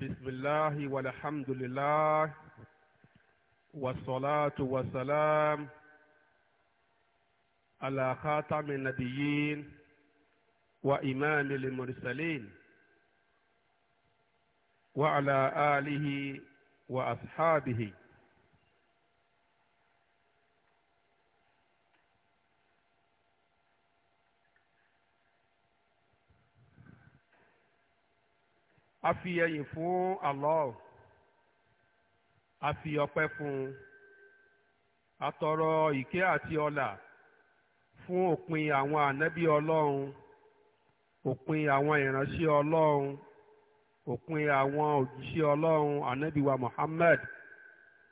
بسم الله والحمد لله والصلاة والسلام على خاتم النبيين وإمام المرسلين وعلى آله وأصحابه a fi ẹyìn fún Allah a fi ọpẹ́ fún un a tọrọ ìkẹ́ àti ọlà fún òpin àwọn ànábì Ọlọ́run òpin àwọn ìránṣẹ́ Ọlọ́run òpin àwọn òjíṣẹ́ Ọlọ́run ànábì wa Muhammad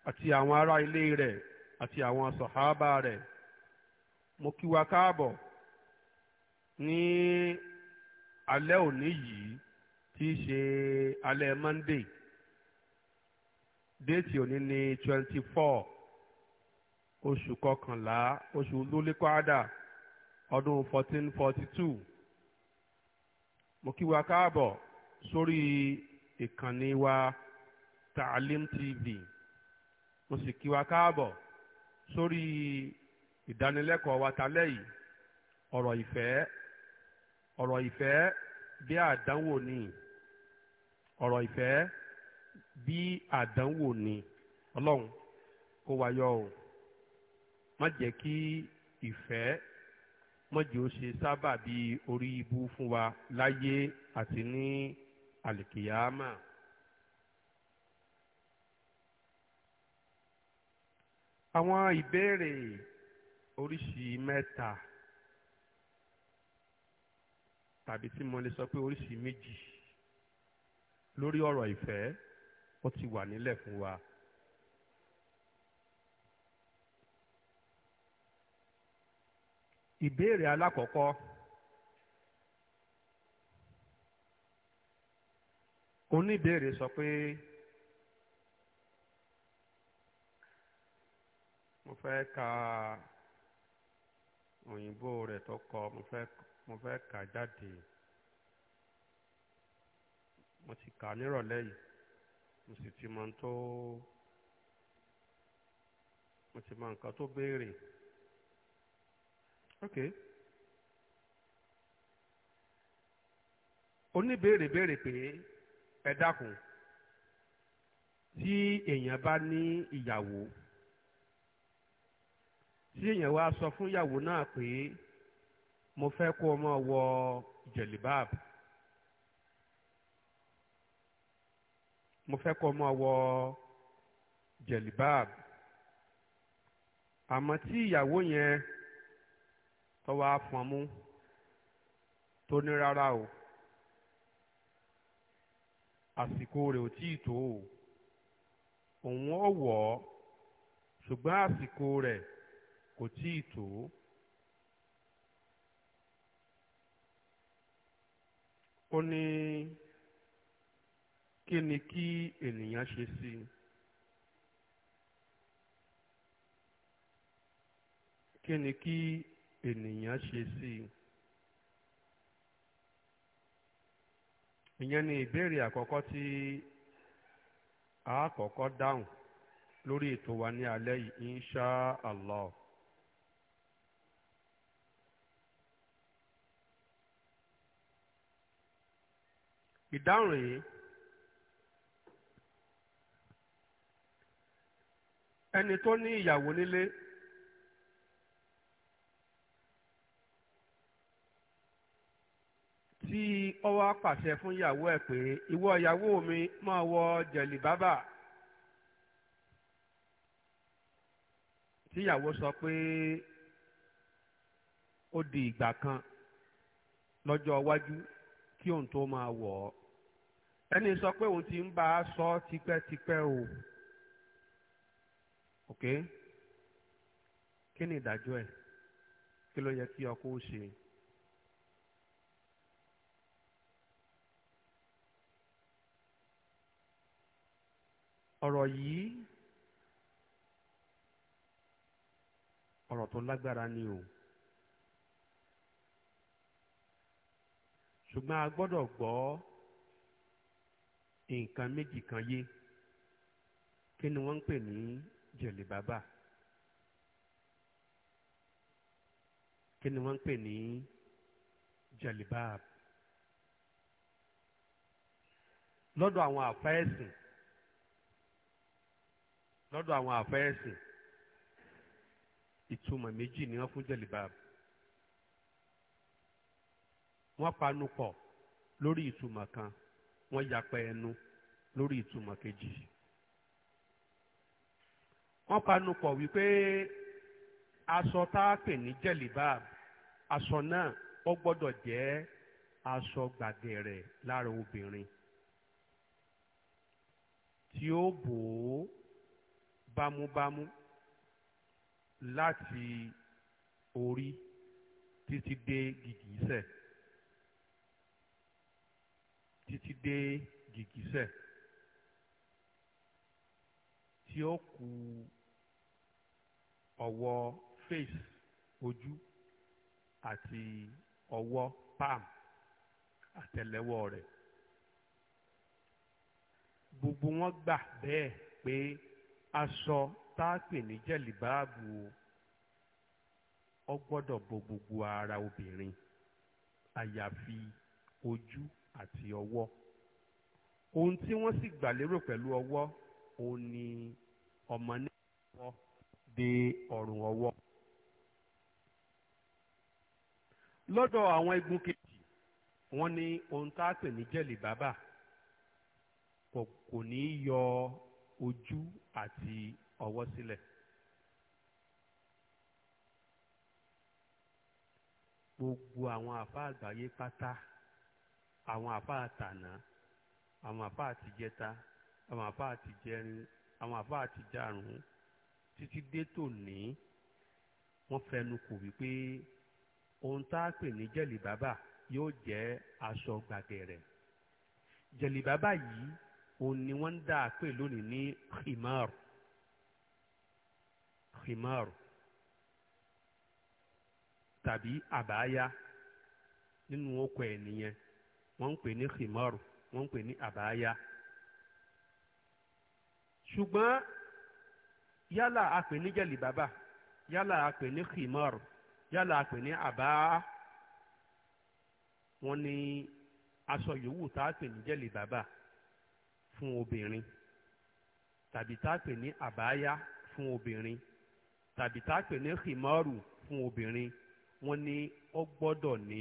àti àwọn ará ilé rẹ̀ àti àwọn sọ̀hábà rẹ̀ mo kí wa káàbọ̀ ní alẹ́ òní yìí tí í ṣe alẹ́ Monday déètì òní ní twenty four oṣù kọkànlá oṣù lólékọ́ádà ọdún fourteen forty two mo kí wa káàbọ̀ sórí ìkànnì wa Taalim TV mo sì kí wa káàbọ̀ sórí ìdánilẹ́kọ̀ọ́ wa talẹ́ yìí ọ̀rọ̀ ìfẹ́ ọ̀rọ̀ ìfẹ́ bí àdánwò nìyí ọ̀rọ̀ ìfẹ́ bí àdánwò ni ọlọ́run kó wa yọ o má jẹ́ kí ìfẹ́ má jẹ́ ó ṣe sábà bí orí ibú fún wa láyé àti ní àlìkìyámà. àwọn ìbéèrè oríṣi mẹ́ta tàbí tí mo lè sọ pé oríṣi méjì lórí ọ̀rọ̀ ìfẹ́ ó ti wà nílẹ̀ fún wa. ìbéèrè alákọ̀ọ́kọ́ oníbéèrè sọ pé mo fẹ́ ka òyìnbó rẹ̀ tó kọ mo fẹ́ mo jáde mo ti kà á nírọ̀lẹ́ yìí mo sì ti mọ tó mo ti mọ nǹkan tó béèrè ok oníbèrè béèrè pé ẹ dákun tí èèyàn bá ní ìyàwó tí èèyàn wá sọ fún ìyàwó náà pé mo fẹ́ kó o wọ jẹ̀lìbáàbù mo fẹ́ kó máa wọ jẹ̀lìbáàb àmọ́ tí ìyàwó yẹn tó wá fọn mú tó ní rárá o àsìkò rẹ̀ ò tí ì tó o òun ò wọ̀ ọ́ ṣùgbọ́n àsìkò rẹ̀ kò tí ì tó o. ó ní. kí ni kí ènìyàn ṣe sí i kí ni kí ènìyàn ṣe sí i ìyẹn ni ìbéèrè àkọ́kọ́ tí àkọ́kọ́ dáhùn lórí ètò wa ní alẹ́ yìí insha allah. ìdáhùn rèé ẹni tó ní ìyàwó nílé tí ó wá pàṣẹ fún ìyàwó ẹ̀ pé ìwọ ìyàwó mi máa wọ jẹ̀lì bábà tí ìyàwó sọ pé ó di ìgbà kan lọ́jọ́ iwájú kí òun tó máa wọ̀ ọ́ ẹni sọ pé òun ti ń bá a sọ tipẹ́tipẹ́ o. ok kí ni ìdájọ́ ẹ̀ kí ló yẹ kí ọkọ ó ṣe. ọ̀rọ̀ yìí ọ̀rọ̀ tó lágbára ni o ṣùgbọ́n a gbọ́dọ̀ gbọ́ nǹkan méjì kan yé kí ni wọ́n ń pè ní jẹ̀lẹ̀ bàbà kí ni wọ́n ń pè ní jẹ̀lìbáàb lọ́dọ̀ àwọn àfẹ́ẹ̀sìn lọ́dọ̀ àwọn àfẹ́ẹ̀sìn ìtumọ̀ méjì ni wọ́n fún jẹ̀lìbáàb wọ́n panupọ̀ lórí ìtumọ̀ kan wọ́n yapa ẹnu lórí ìtumọ̀ kejì wọ́n panupọ̀ wípé aṣọ tá a pè ní jẹ̀lìbáàbù aṣọ náà ó gbọ́dọ̀ jẹ́ aṣọ gbàgẹ̀rẹ̀ lára obìnrin tí ó bò ó bámúbámú láti orí títí dé gìgísẹ̀ títí dé gìgísẹ̀ tí ó kù ọwọ́ face ojú àti ọwọ́ palm àtẹ́lẹwọ́ rẹ̀ gbogbo wọn gbà bẹ́ẹ̀ pé aṣọ tá a pè ní jẹ̀lìbáàbù ó gbọ́dọ̀ bo gbogbo ara obìnrin àyàfi ojú àti ọwọ́ ohun tí wọ́n sì gbà lérò pẹ̀lú ọwọ́ òun ni ọmọ náà wọ́ dé ọ̀rùn ọwọ́. lọ́dọ̀ àwọn igun kejì wọ́n ní ohun tá a pè ní jẹ̀lì bàbà kò kò ní í yọ ojú àti ọwọ́ sílẹ̀. gbogbo àwọn àfa àgbáyé pátá àwọn àfa àtànà àwọn àfa àtijẹta àwọn àfa àtijẹrin àwọn àbá àti jarun títí dé tòní wọ́n fẹnu kò wípé ohun tá a pè ní jẹ̀lì bàbà yóò jẹ́ aṣọ gbàgẹ̀rẹ̀ jẹ̀lì bàbà yìí òun ni wọ́n ń dà pè lónìí ní khimar khimar tàbí àbáyá nínú oko ẹ̀ nìyẹn wọ́n ń pè ní khimar wọ́n ń pè ní àbáyá ṣùgbọ́n yálà a pè ní jẹ̀lì bàbà yálà a pè ní khimar yálà a pè ní àbá wọn ni aṣọ yòówù tá a pè ní jẹ̀lì bàbà fún obìnrin tàbí tá a pè ní àbáyá fún obìnrin tàbí tá a pè ní khimaru fún obìnrin wọn ni ó gbọ́dọ̀ ní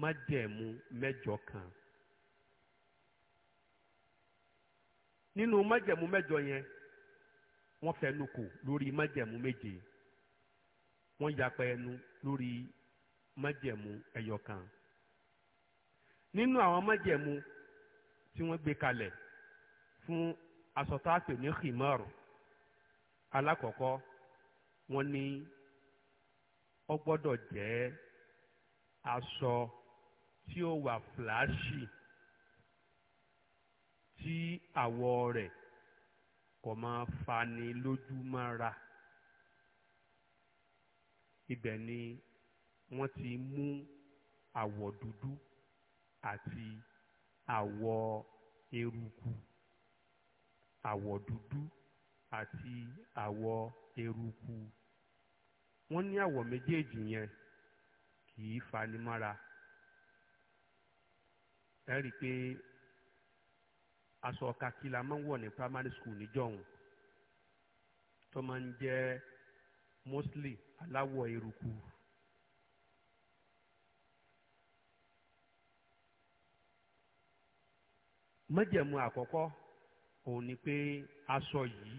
májẹ̀mú mẹ́jọ kan nínú májẹ̀mú mẹ́jọ yẹn wọ́n fẹnu kò lórí májẹ̀mú méje wọ́n yapa ẹnu lórí májẹ̀mú ẹyọkan nínú àwọn májẹ̀mú tí wọ́n gbé kalẹ̀ fún asọ̀tàpè ní khimar alákọ̀ọ́kọ́ wọ́n ní ó gbọ́dọ̀ jẹ́ aṣọ tí ó wà fìlàṣì tí àwọ̀ rẹ̀ kò máa fani lójú mọ́ra ibẹ̀ ni wọ́n ti mú àwọ̀ dúdú àti àwọ̀ eruku àwọ̀ dúdú àti àwọ̀ eruku wọ́n ní àwọ̀ méjèèjì yẹn kì í fani mọ́ra ẹ rí i pé aso kakila man woni primary school ni jɔn to man jɛ mostly alawɔ eruku mɛjɛmu akɔkɔ òun ni pé aso yìí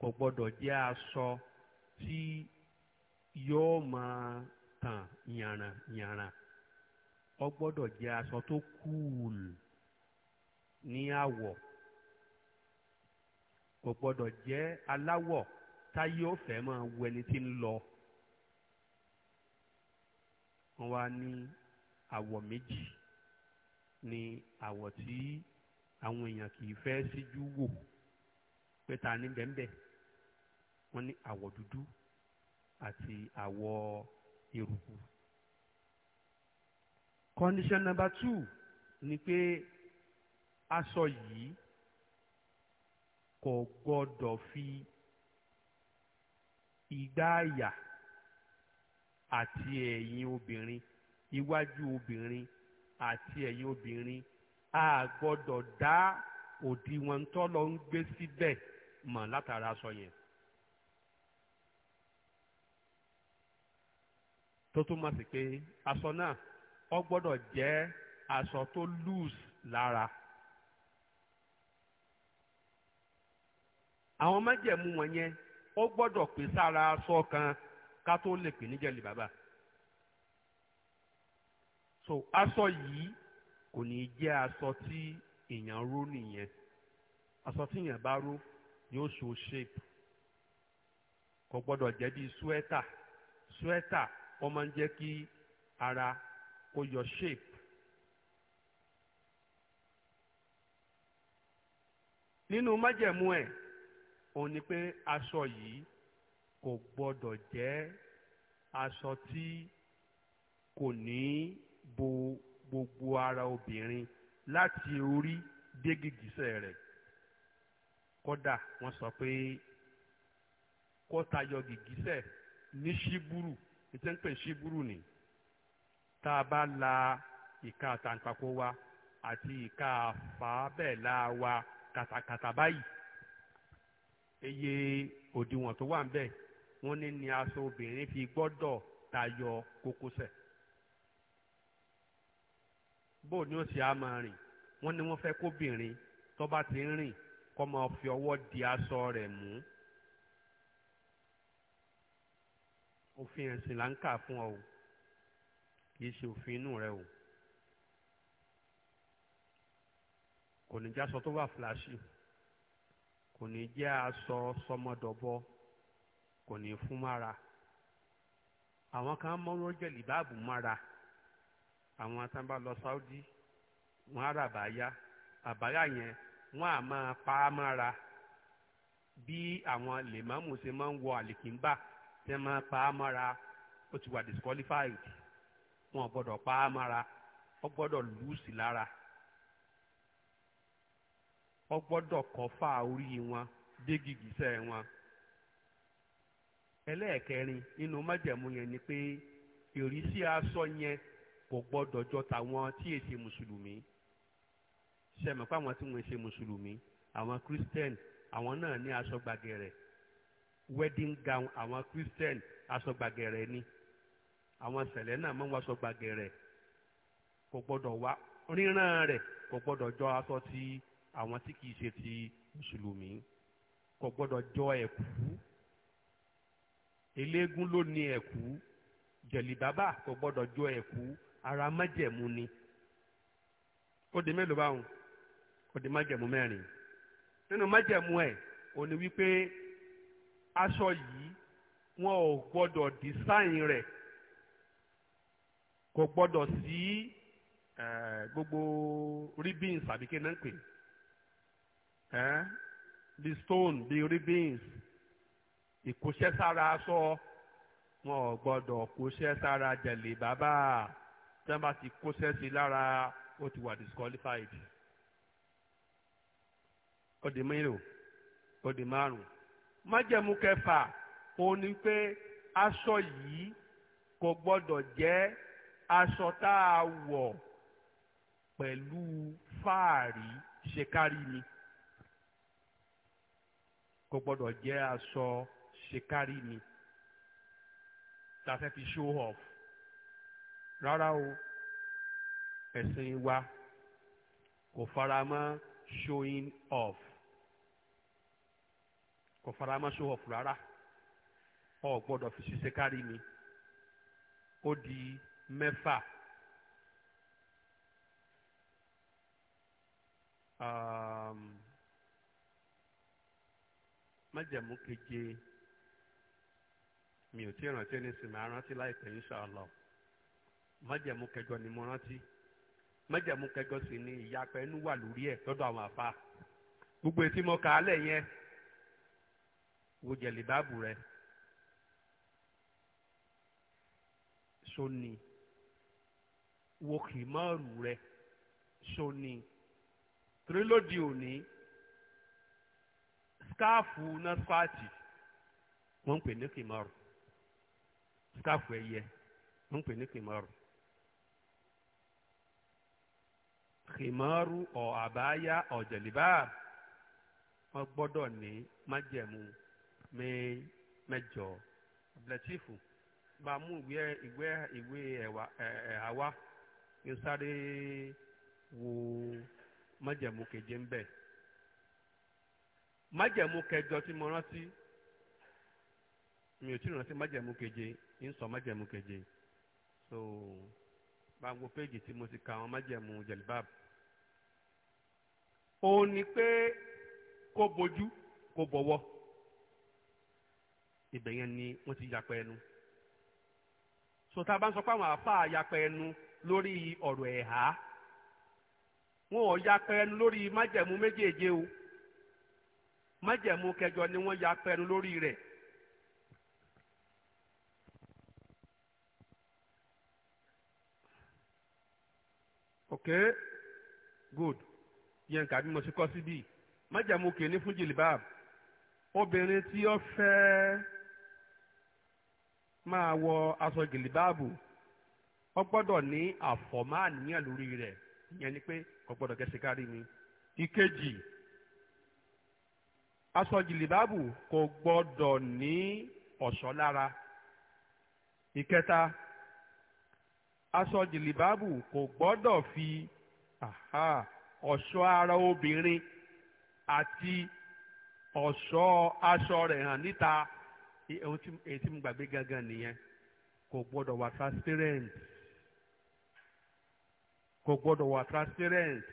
kò gbɔdɔ jɛ aso tí yóò ma tàn yànnà yànnà ɔgbɔdɔ jɛ aso tó kúùlù. Cool. ní àwọ̀ kò gbọ́dọ̀ jẹ́ aláwọ̀ táyé ó fẹ́ máa wo ẹni tí ń lọ wọ́n wá ní àwọ̀ méjì ní àwọ̀ tí àwọn èèyàn kì í fẹ́ síjú wò pé ta ní bẹ́ńbẹ́ wọ́n ní àwọ̀ dúdú àti àwọ̀ eruku. condition number two ni pé aṣọ yìí kò gbọdọ̀ fi igbá àyà àti ẹ̀yìn obìnrin iwájú obìnrin àti ẹ̀yìn obìnrin a gbọdọ̀ dá òdiwọ̀n tọ́lọ ń gbé síbẹ̀ mọ̀ látara aṣọ yẹn. tó túmọ̀ sí pé aṣọ náà ó gbọ́dọ̀ jẹ́ aṣọ tó loose lára. àwọn májẹ̀mú wọn yẹn ó gbọ́dọ̀ pè sára aṣọ kan ká tó lè pè ní jẹ̀lì bàbà so aṣọ yìí kò ní jẹ́ aṣọ tí èèyàn ró nìyẹn aṣọ tí èèyàn bá ró yóò so shape kò gbọdọ jẹ́ bí suẹ́tà suẹ́tà ó máa ń jẹ́ kí ara kó yọ shape. nínú májẹ̀mú ẹ̀ òun ni pé aṣọ yìí kò gbọdọ̀ jẹ́ aṣọ tí kò ní bo gbogbo ara obìnrin láti orí dé gìgísẹ̀ rẹ̀ kódà wọ́n sọ pé kó tayọ gìgísẹ̀ ní ṣíbúrù ètò ń pè ṣíbúrù ni tá a bá la ìka àtàǹpàkò wa àti ìka àfàbẹ̀là wa kàtàkàtà báyìí iye òdiwọ̀n tó wà ń bẹ̀ wọ́n ní ni aṣọ obìnrin fi gbọ́dọ̀ tayọ kókósẹ̀ bó ni ó sì á máa rìn wọ́n ní wọ́n fẹ́ kóbìnrin tó bá ti ń rìn kó máa fi ọwọ́ di aṣọ rẹ̀ mú òfin ẹ̀sìn là ń kà fún ọ o kìí ṣe òfin inú rẹ o kò ní jásọ tó wà fúláṣì. kò ní jẹ́ aṣọ sọmọdọ̀bọ kò ní fún mára àwọn kan mọ́rọ́ jẹ̀lì báàbù mára àwọn tán lọ Saudi wọn ara rà báyá àbáyá yẹn wọ́n a máa pa á mára bí àwọn lèmọ́mù ṣe máa ń wọ àlìkínbà tí wọ́n máa pa á mára ó ti wà disqualified wọn ò gbọ́dọ̀ pa á mára ó gbọ́dọ̀ lùú sí lára. wọ́n gbọ́dọ̀ kọ́fà orí wọn dé gìgísẹ̀ wọn. ẹlẹ́ẹ̀kẹrin nínú májẹ̀mú yẹn ni pé ìrísí aṣọ yẹn kò gbọ́dọ̀ jọ tàwọn tí èsì mùsùlùmí sẹ́mi pé àwọn tí wọ́n ṣe mùsùlùmí àwọn christian àwọn náà ní aṣọ gbàgẹ̀rẹ̀ wedding gown àwọn christian aṣọ gbàgẹ̀rẹ̀ ni àwọn sẹ̀lẹ̀ náà máa ń wọ aṣọ gbàgẹ̀rẹ̀ kò gbọ́dọ̀ wá ríran rẹ̀ kò gbọ́dọ̀ jọ aṣọ ti àwọn tí kìí ṣe ti mùsùlùmí kò gbọ́dọ̀ jọ ẹ̀kú eléégún ló ní ẹ̀kú jẹ̀lìbábà kò gbọ́dọ̀ jọ ẹ̀kú ara májẹ̀mú ni ó di mélòó báwọn ó di májẹ̀mú mẹ́rin nínú májẹ̀mú ẹ̀ ò ní wípé aṣọ yìí wọn ò gbọ́dọ̀ dísáìn rẹ̀ kò gbọ́dọ̀ sí eh, gbogbo ribbons àbí kí náà pè é Eh, the stone the ribbons ìkóṣẹ́ sára aṣọ wọn ò gbọ́dọ̀ kóṣẹ́ sára jẹ̀lẹ̀ bàbá tí wọ́n bá ti kóṣẹ́ sí lára ó ti wà disqualified ó di mélòó ó di márùn májẹ̀mú kẹfà ó ní pé aṣọ yìí kò gbọ́dọ̀ jẹ́ aṣọ tá a wọ̀ pẹ̀lú fáàrí ṣe kárí mi kò gbọ́dọ̀ jẹ́ aṣọ ṣèkárí mi tàfẹ́ fi show off rárá o ẹ̀sìn wa kò fara mọ́ showing off kò fara mọ́ show off rárá o gbọ́dọ̀ fi ṣèkárí mi ó di mẹ́fà. Um, májẹ̀mú keje mi ò tí ì rántí ẹni sì máa rántí láìpẹ́ inṣàlá májẹ̀mú kẹjọ ni mo rántí májẹ̀mú kẹjọ sì ni ìyapẹ́ inú wà lórí ẹ̀ lọ́dọ̀ àwọn àfa gbogbo etí mo kà á lẹ̀ yẹn wo jẹ̀lì báàbù rẹ sóni wo kìmọ́ọ̀rù rẹ sóni torí lóde òní skáàfù na wọ́n ń pè ní kìmọ́rù skáàfù ẹyẹ wọ́n ń pè ní kìmọ́rù kìmọ́rù ọ̀ àbáyá ọ̀jẹ̀lìbá wọ́n gbọ́dọ̀ ní májẹ̀mú mẹ́jọ abdulatif bá a mú ìwé ìwé ìwé ẹ̀wà ẹ̀hà wá kí n wo májẹ̀mú keje ń bẹ̀. májẹ̀mú kẹjọ tí mo rántí mi ò tí ì rántí májẹ̀mú keje ń sọ májẹ̀mú keje so gbàgbọ́ péjì tí mo ti ka àwọn májẹ̀mú jẹ̀líbáàbù òun ni pé kó bojú kó bọ̀wọ́ ibẹ̀ yẹn ni wọ́n ti yapa ẹnu so tá a bá ń sọ pé àwọn àáfàá yapa ẹnu lórí ọ̀rọ̀ ẹ̀há wọn ò yapa ẹnu lórí májẹ̀mú méjèèje o. májẹ̀mú kẹjọ ni wọ́n ya pẹnu lórí rẹ̀. ok good yẹn kà bí mo ṣe kọ́ síbí májẹ̀mú kìíní fún jìlìbáàb obìnrin tí ó fẹ́ máa wọ aṣọ jìlìbáàbù ó gbọ́dọ̀ ní àfọ̀máàníyàn lórí rẹ̀ ìyẹn ni pé kò gbọ́dọ̀ gẹ̀ẹ́sì kárí mi ìkejì aṣọ jìlìbáàbù kò gbọ́dọ̀ ní ọ̀ṣọ́ lára ìkẹta aṣọ kò gbọ́dọ̀ fi aha ọ̀ṣọ́ ara obìnrin àti ọ̀ṣọ́ aṣọ rẹ̀ hàn níta èyí tí mo gbàgbé gangan nìyẹn kò gbọ́dọ̀ wà transparent kò gbọ́dọ̀ wà transparent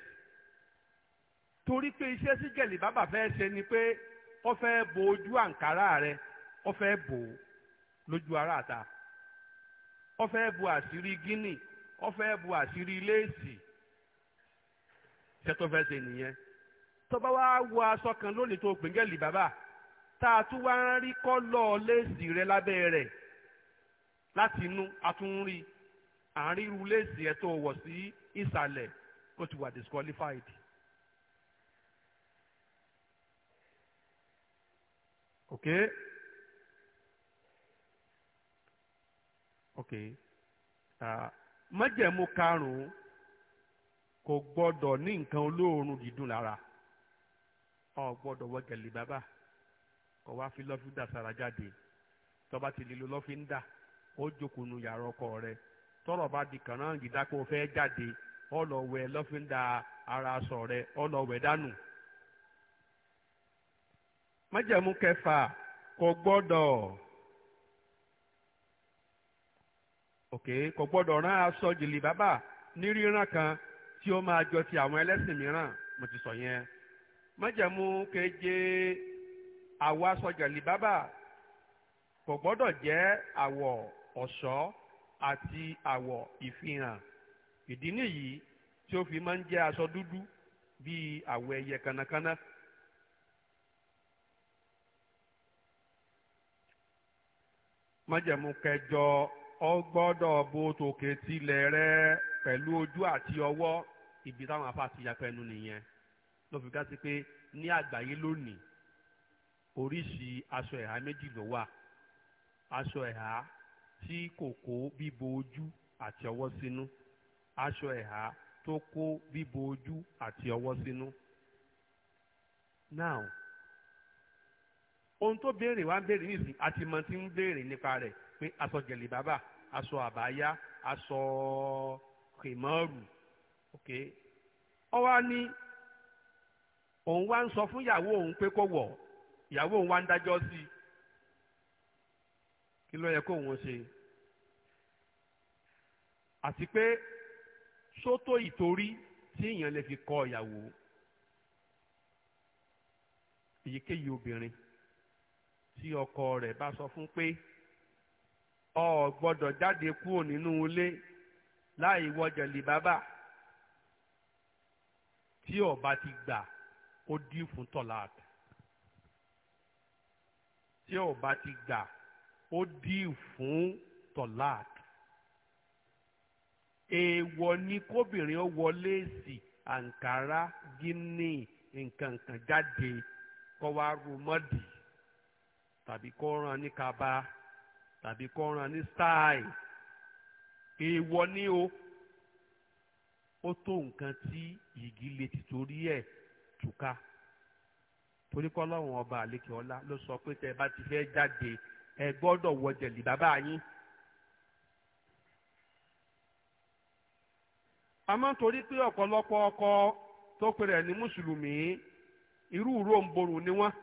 torí pé iṣẹ́ sí gẹ̀lì bàbà fẹ́ ṣe ni pé ó fẹ́ bo ojú àǹkárá rẹ ó fẹ́ bò ó lójú ara àta ó fẹ́ bo àṣírí gíní ó fẹ́ bo àṣírí léèsì iṣẹ́ tó fẹ́ ṣe nìyẹn tó wá wọ aṣọ kan lónìí tó pè gẹ̀lì bàbà tá a tún wá ń rí kọ́lọ̀ léèsì rẹ lábẹ́ rẹ̀ láti inú atúnrí àárín irú léèsì ẹ̀ tó wọ̀ sí ìsàlẹ̀ ó ti wà disqualified. Okay? Okay. Uh, májẹ̀mú karùn-ún kò gbọ́dọ̀ ní nǹkan olóòórùn dídùn lára ọ̀ gbọ́dọ̀ wọ gẹ̀lì bàbà kò wá fi lọ́fíńdà sára jáde tọ́ba ti lè lo lọ́fíńdà ó jókòó nu yàrá ọkọ rẹ̀ tọ́rọ̀ bá di kàn náà yìí dákó fẹ́ jáde ọ lọ wẹ̀ ara sọ rẹ̀ ọ lọ wẹ̀ dànù. májẹ̀mú kẹfà kò gbọ́dọ̀ ok kò gbọ́dọ̀ rán aṣọ jìlì bàbà ní ríran kan tí ó máa jọ ti àwọn ẹlẹ́sìn mìíràn mo ti sọ yẹn májẹ̀mú keje àwọ̀ aṣọ jìlì bàbà kò gbọ́dọ̀ jẹ́ àwọ̀ ọ̀ṣọ́ àti àwọ̀ ìfihàn ìdí nìyí tí ó fi máa ń jẹ́ aṣọ dúdú bíi àwọ̀ ẹyẹ kanakana. Kana. májẹ̀mú kẹjọ ọ gbọ́dọ̀ bo tòkè tilẹ̀ rẹ pẹ̀lú ojú àti ọwọ́ ibi táwọn afa ti yàtọ̀ ẹnu nìyẹn ló fi gásí pé ní àgbáyé lónìí oríṣi aṣọ ẹ̀há méjì ló wà aṣọ ẹ̀há tí kò kó bíbo ojú àti ọwọ́ sínú aṣọ ẹ̀há tó kó bíbo ojú àti ọwọ́ sínú. now ohun tó béèrè wá ń béèrè nìsín àti mọ̀ tí ń béèrè nípa rẹ̀ pé aṣọ gẹ̀lì bàbà aṣọ àbáyá aṣọ kèmọ́rù ok ọ wá ní òun wá ń sọ fún ìyàwó òun pé kó wọ̀ ìyàwó òun wá ń dájọ́ sí i kí ló yẹ kó òun ṣe àti pé sótó ìtorí tí èèyàn lè fi kọ ìyàwó èyíkéyìí obìnrin tí ọkọ rẹ̀ bá sọ fún pé ọ gbọ́dọ̀ jáde kúrò nínú ilé láì wọ jẹ̀lìbábà tí ó bá ti gbà ó dí fún tọ́láàt tí ó bá ti gbà ó dí fún tọ́láàt èèwọ̀ ni kóbìnrin ó wọlé sí àǹkárá gíní nǹkan kan jáde kọ́ wa rúmọ́dì tàbí kó rán ní kaba tàbí kó rán ní style èèwọ̀ ni o ó tó nǹkan tí yìgì lè ti torí ẹ̀ túká torí kọ́ lọ́wọ́n ọba àlékè ọlá ló sọ pé tẹ́ ẹ bá ti fẹ́ jáde ẹ gbọ́dọ̀ wọ jẹ̀lì bàbá yín. àmọ́ torí pé ọ̀pọ̀lọpọ̀ ọkọ tó pèrè ní mùsùlùmí irú ìró ń borùn ni wọ́n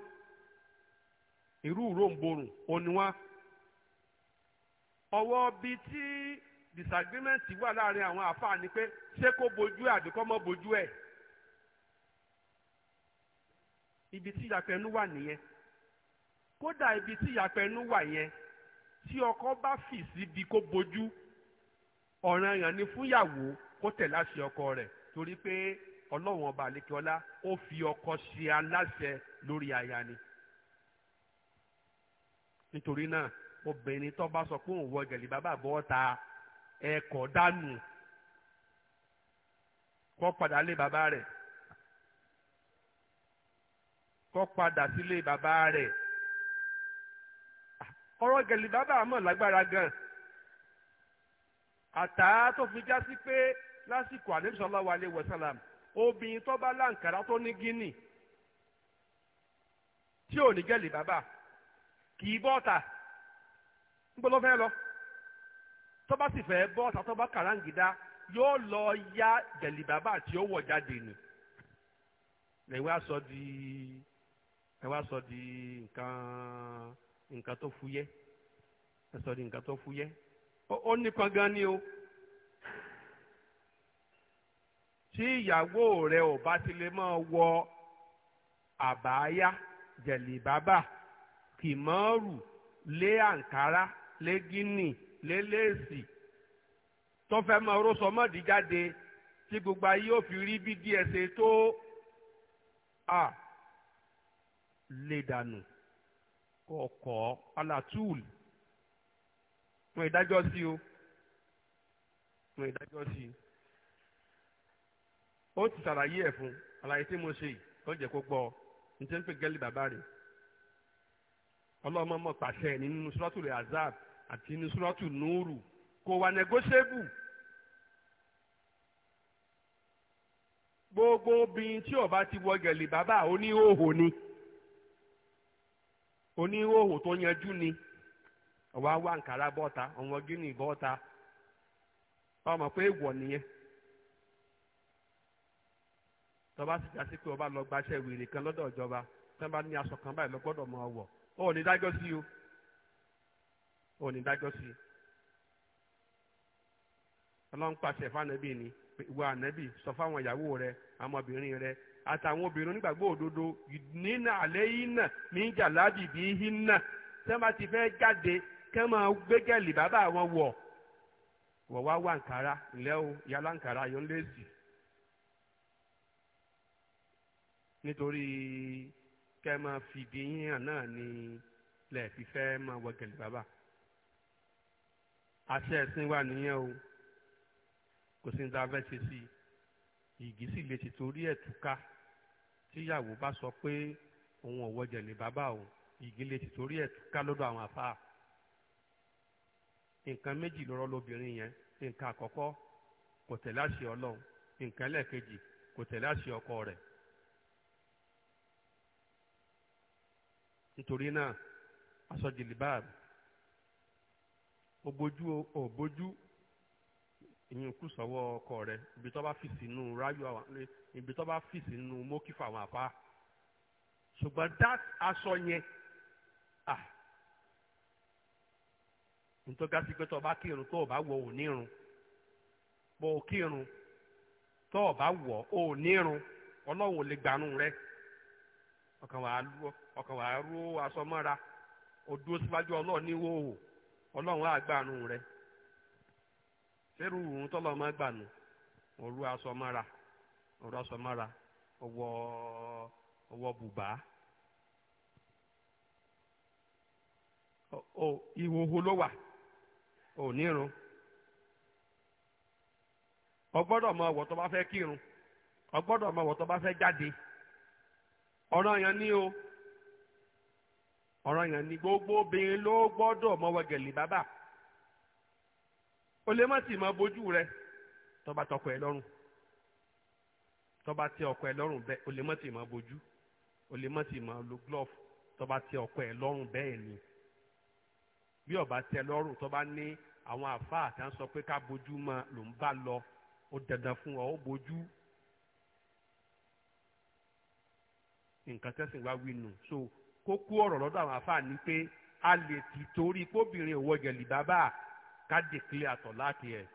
irú ìròǹborùn òní wá ọwọ́ bíi tí disagreement wà láàrin àwọn àfáà ni pé ṣé kó bojú ẹ̀ àbí kó má bojú ẹ̀ ibi tí ìyàpẹ̀nu wà nìyẹn kódà ibi tí ìyàpẹ̀nu wà yẹn tí ọkọ bá fì síbi kó bojú ọ̀ranyàn ni fúnyàwó kó tẹ̀lé àṣẹ ọkọ rẹ̀ torí pé ọlọ́wọ̀n ọba àlekíọ́lá ó fi ọkọ ṣe aláṣẹ lórí aya ni nítorí náà obìnrin tó bá sọ pé òun wọ gẹ̀lì bàbá àbọ̀ ta ẹ̀kọ́ dànù kó padà lé bàbá rẹ̀ kó padà sílé bàbá rẹ̀ ọ̀rọ̀ gẹ̀lì bàbá mọ̀ lágbára gan àtà tó fi já sí pé lásìkò ànábì sallallahu alaihi wasallam obìnrin tó bá láǹkàrà tó ní gíní tí ò ní gẹ̀lì bàbá kì í bọ́ọ̀tà ń gbọ́dọ̀ fẹ́ lọ tó bá sì fẹ́ bọ́ọ̀tà tó bá kàráǹgídá yóò lọ ya jẹ̀lì bàbá tí ó jáde nù lẹ́yìn wá di ẹ wá sọ di nǹkan nǹkan tó fúyẹ́ ẹ di nǹkan tó fúyẹ́ ó nípọn gan ni o tí ìyàwó rẹ ò bá ti lè máa wọ àbáyá jẹ̀lì bàbá kìmọ́ọ̀rù lé àǹkárá lé gíní lé léèsì tó fẹ́ mọ orósọ mọ́ọ̀dí jáde tí gbogbo ayé ò fi rí bí díẹ̀ ṣe tó a lè dànù ọkọ̀ alátúùlù fún ìdájọ́ sí o fún ìdájọ́ sí i ó ti ṣàlàyé ẹ̀ fún àlàyé tí mo ṣe yìí ó kó gbọ́ ọ ní tí gẹ́lì bàbá rẹ̀ ọlọ́mọ mọ̀ pàṣẹ nínú sùrọ́tù rẹ̀ azab àti nínú sùrọ́tù núùrù kò wà negotiable. gbogbo obìnrin tí ó bá ti wọ gẹ̀lì bàbá oníhòhò ni oníhòhò tó yanjú ni ọ̀wá wà nkàrà bọ́ta ọ̀wọ́n gíní bọ́ta ọmọ pé èèwọ̀ nìyẹn tọ́ba sì já sí pé ọba lọ gbaṣẹ́ wèrè kan lọ́dọ̀ ìjọba tí wọ́n bá ní aṣọ kan báyìí lọ gbọ́dọ̀ mọ ọwọ́ ò ní dájọ́ sí o ò ní dájọ́ sí i ọlọ́run pàṣẹ fànàbí ni ìwà ànábì sọ fáwọn ìyàwó rẹ ọmọbìnrin rẹ àtàwọn obìnrin onígbàgbọ́ òdodo nínà àlẹ́ yìí nà ní jàlábì bí yìí nà tẹ́ bá ti fẹ́ jáde kẹ́ máa gbẹ́gẹ́lì bàbá wọn wọ̀ wọ̀ wá wà nkàrà ńlẹ́ o yálà nkàrà yọ̀ lé sí i nítorí kẹ́ máa fìdí yín hàn náà ni lẹ́ẹ̀fi fẹ́ máa wọ gẹ̀lẹ́ bàbà àṣẹ ẹ̀sìn wà nìyẹn o kò sí ní ta fẹ́ ṣe sí i ìgì sì lè ti torí ẹ̀ túká tíyàwó bá sọ pé òun ò wọ gẹ̀lẹ́ bàbà o ìgì lè ti torí ẹ̀ túká àwọn àfáà nǹkan méjì lọ́rọ́ lóbìnrin yẹn nǹkan àkọ́kọ́ kò tẹ̀lé àṣẹ ọlọ́run nǹkan ẹlẹ́ẹ̀kejì kò tẹ̀lé àṣẹ ọkọ rẹ̀ nítorí náà aṣọ jìlìbáàbù ògbójú ògbójú ìyẹn kù sọ́wọ́ ọkọ rẹ ibi tó bá fi sínú ráyò àwọn ibi tó bá fi sínú mókìfà àwọn àpá ṣùgbọ́n that aṣọ yẹn ah nítorí gasi pé tó bá kírun tó bá wọ ò bó kírun tó bá wọ ò ọlọ́run ò lè gbanú rẹ. ọkàn wàá rú rú aṣọ mọ́ra o dúró síwájú ọlọ́run ní wòówò ọlọ́run á gbànú rẹ fẹ́rù òun tọ́lọ́ máa gbànú òru aṣọ mọ́ra òru aṣọ mọ́ra ọwọ́ ọwọ́ bùbá o ìhòhò ló wà ò nírun ọgbọ́dọ̀ máa wọ̀ tó bá fẹ́ kírun ọgbọ́dọ̀ máa wọ̀ tó bá fẹ́ jáde. ọ̀ràn yẹn ni o ọ̀ràn yẹn ni gbogbo obìnrin ló gbọ́dọ̀ mọ wọ gẹ̀lì bàbà o lè má tì mọ bójú rẹ tó bá tọkọ ẹ lọ́rùn tó bá tẹ ọkọ ẹ lọ́rùn bẹ́ẹ̀ o lè má tì mọ bójú o lè má tì mọ lo glove tó tẹ ọkọ ẹ lọ́rùn bẹ́ẹ̀ ni bí ó bá tẹ lọ́rùn tó bá ní àwọn àfáà tá à sọ pé ká bójú mọ ló bá lọ ó dandan fún ọ ó bójú. nǹkan gba wá so kókó ọ̀rọ̀ lọ́dọ̀ àwọn afáà pé a lè ti torí kóbìnrin òwò jẹ̀lì bàbá ká dèkìlì àtọ̀ láti ẹ̀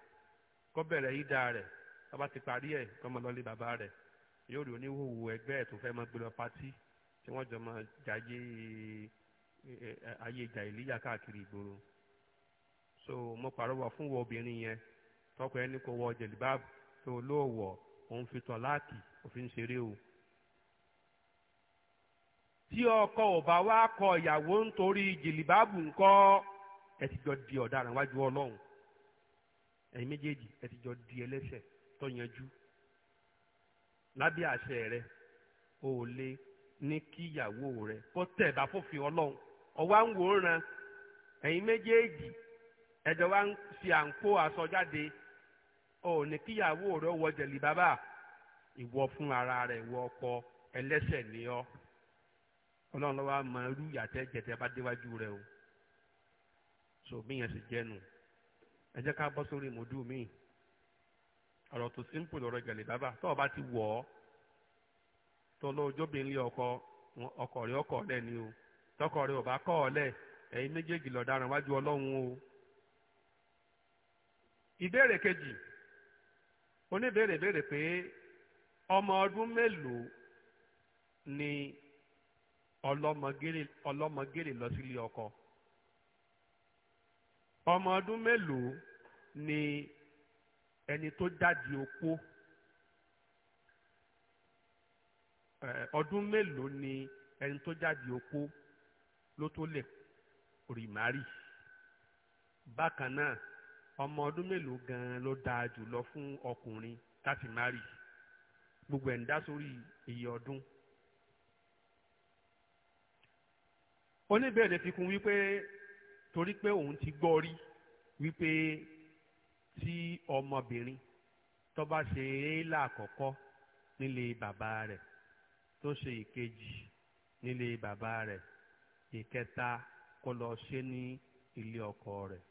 kó bẹ̀rẹ̀ rẹ̀ bàbá ti parí ẹ̀ kó mọ lọ́lé bàbá rẹ̀ yóò rí oníhòòhò ẹgbẹ́ ẹ̀ tó fẹ́ mọ gbé lọ pátí tí wọ́n jọ mọ jayé ayé ìjà ìlíyà káàkiri ìgboro so mo pàrọwà fún wọ obìnrin yẹn tọkọ ẹni kò wọ jẹ̀lì bàbá tó òun fi tọ̀ láàkì òfin ṣeré o. tí ọkọ ò bá kọ ìyàwó nítorí jìlìbáàbù ńkọ́ ẹ ti jọ di ọ̀daràn wájú ọlọ́run ẹ̀yin méjèèjì ẹ ti jọ di ẹlẹ́ṣẹ̀ tó yanjú lábẹ́ àṣẹ rẹ o ò lè ní kí ìyàwó rẹ kó tẹ̀ bá fòfin ọlọ́run ọwá ń wòran ẹ̀yin méjèèjì ẹ̀jọ̀ wa ń fi àǹkó aṣọ jáde o ò ní kí ìyàwó rẹ wọ jẹ̀lì bàbá ìwọ fún ara rẹ wọ ọkọ ẹlẹ́ṣẹ̀ ni ọ́. ọlọ́run lọ́wọ́ àmọ́ irú ìyàtẹ́ jẹ̀tẹ́ bá déwájú rẹ o so bí yẹn sì jẹnu ẹ jẹ́ ká bọ́ sórí mòdù mi ọ̀rọ̀ tó simple lọ́rọ̀ gẹ̀lẹ́ bàbá tó o bá ti wọ̀ ọ́ lọ ojóbìnrin ọkọ ọkọ ọkọ lẹ ni o tọkọ rẹ ò bá kọ ọ lẹ o ìbéèrè kejì oníbèrè béèrè pé ọmọ ọlọ́mọgèrè lọ sílé ọkọ ọmọ ọdún mélòó ni ẹni tó jáde opó ọdún mélòó ni ẹni tó jáde opó ló tó lè rìmárì bákan náà ọmọ ọdún mélòó gan-an ló dáa jùlọ fún ọkùnrin láti má gbogbo ẹ̀ ń dá sórí iye ọdún. oníbẹ̀rẹ̀ fi kún wípé torí pé òun ti gbọ́ rí wípé tí ọmọbìnrin tó bá ṣe éélà àkọ́kọ́ nílé bàbá rẹ̀ tó ṣe ìkejì nílé bàbá rẹ̀ ìkẹta kó lọ ṣe ní ilé ọkọ rẹ̀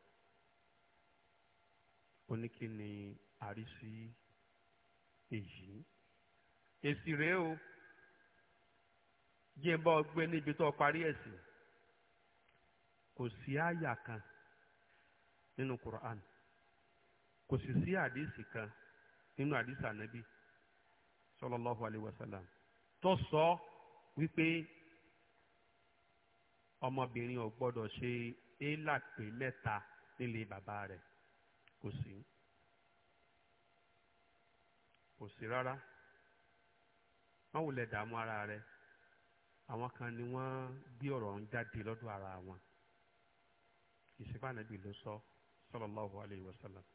oníkíni àrísí èyí èsì rèé o jẹ́ bá ọ gbé níbi tó parí ẹ̀sìn. kò sí àyà kan nínú Quran kò sì sí àdìsí kan nínú àdìsí ànábì sallallahu alayhi wa sallam tó sọ wípé ọmọbìnrin ò gbọ́dọ̀ ṣe éèlà pé mẹ́ta nílé bàbá rẹ̀ kò sí kò sí rárá wọn wò lẹ dààmú ara rẹ, àwọn kan ni wọ́n gbé ọ̀rọ̀ ń jáde lọ́dọ̀ ara wọn. ìsìnkú ànábì ló sọ sallallahu alayhi wa sallam.